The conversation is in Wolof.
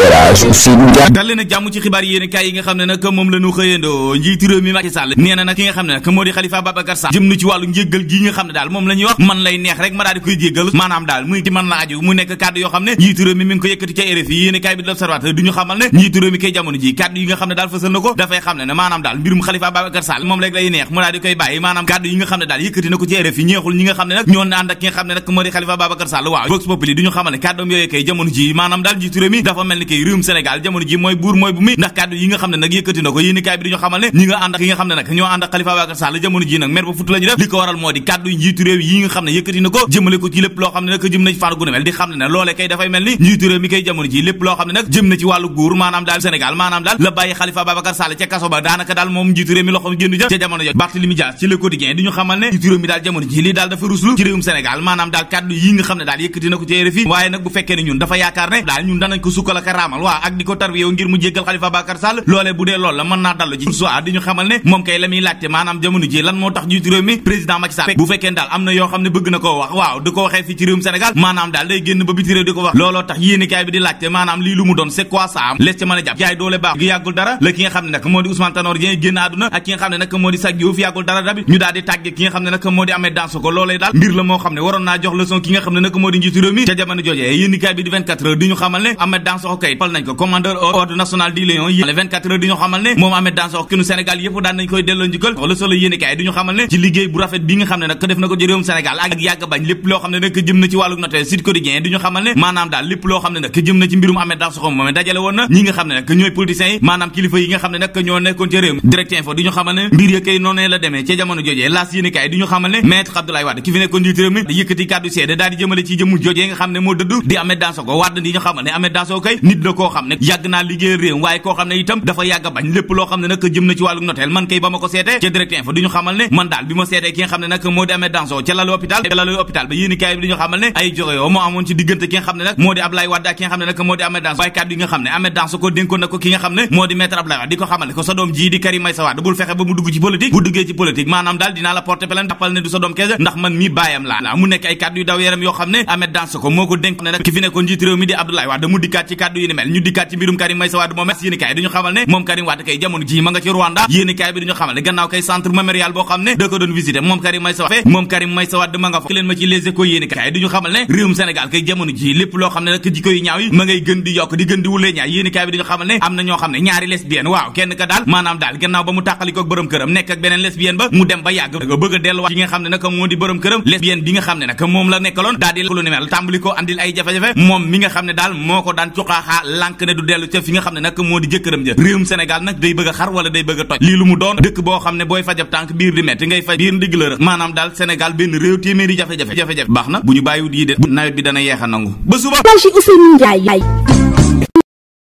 Elhadji Ousseynou jàmm ci xibaar yéen kaay yi nga xam ne nag moom la xëyandoo njiitu réew mi Macky Sall nag ki nga xam ne nag moom la ñuy wax man lay neex rek ma yi nga xamal ne kàddoom yooyu kay jamono ji maanaam daal njiitu dafa mel ne kay réewum Sénégal jamono ji mooy buur mooy bu mi ndax kàddu yi nga xam ne nag yëkkati ko ci lépp waaye nag bu fekkee ne ñun dafa yaakaar ne daal ñun danañ ko sukkal ak raamal waa ak di ko tarwiyew ngir mu jéggal Khalifa Bakar Sall loolee bu dee loolu la mën naa dallu ji soi di ñu xamal ne moom kay la laajte maanaam jamono ji lan moo tax njiitu réew mi di a ñu daal ne moo di amee danse ko loolee daal mbir la moo xam ne waroon naa jox leçon ki nga xam ne nag moo di njiitu réew mi ca jamono joojee yéenekaay bi di di ñu xamal ne amee danse ko tey ko di ñu ne moom ñu xamal ne maanaam daal lépp loo xam ne nag jëm ne nag ñooy politiciens yi ñu xamal ne mbir ya kay noonee la demee ci jamono jojee laas yéenekaay di ñu xamal ne maître Abdoulaye Wade ki fi nekkoon njiit réew mi di jëmale ci jëmu jojee nga xam ne moo dëdd di Ahmed Dansokh Wade di ñu xamal ne Ahmed Dansokh kay nit la koo xam ko xam ne nag moo di amee danso ca di ko xamal ne ko sa doom ji di Karim Meïssa Wade bul fexe ba mu dugg ci politique bu duggee ci politique maanaam daal dinaa la porter plainte jàppal ne du sa doom kese ndax man mi baayam laa mu nekk ay kàddu yu daw yaram yoo xam ne amee danso ko moo ko dénk ki fi nekkoon njiit réew mi di Abdoulaye Wade mu dikkaat ci kàddu yu mel ñu dikkaat ci mbirum Karim Meïssa Wade moom yéen Karim Wade kay jamono ji ma nga ci Rwanda yéen bi duñu xamal ne gannaaw kay kay jamono ji lépp loo xam ne nag jikko yu ñaaw yi ma ngay gën di yokk di gën di wulee ñaay yéen bi duñu xamal ne am na ñoo xam ne ñaari lesbienne waaw kenn ka daal maanaam daal gannaaw ba mu tàqalikoo ak këram nekk ak beneen lesbienne ba mu dem ba yàgg nga bëgg delluwaat ki nga xam ne nag moo di ah lànk ne du dellu ca fi nga xam ne nag moo di jëkkëram ja réewum Sénégal nag day bëgg xar wala day bëgg toj lii lu mu doon dëkk boo xam ne booy fajab tànk biir di metti ngay faj biir ndigg la maanaam daal Sénégal benn réew téeméeri jafe-jafe jafe-jafe baax na bu ñu bàyyiwut yi de nawet bi dana yeex nangu ba suba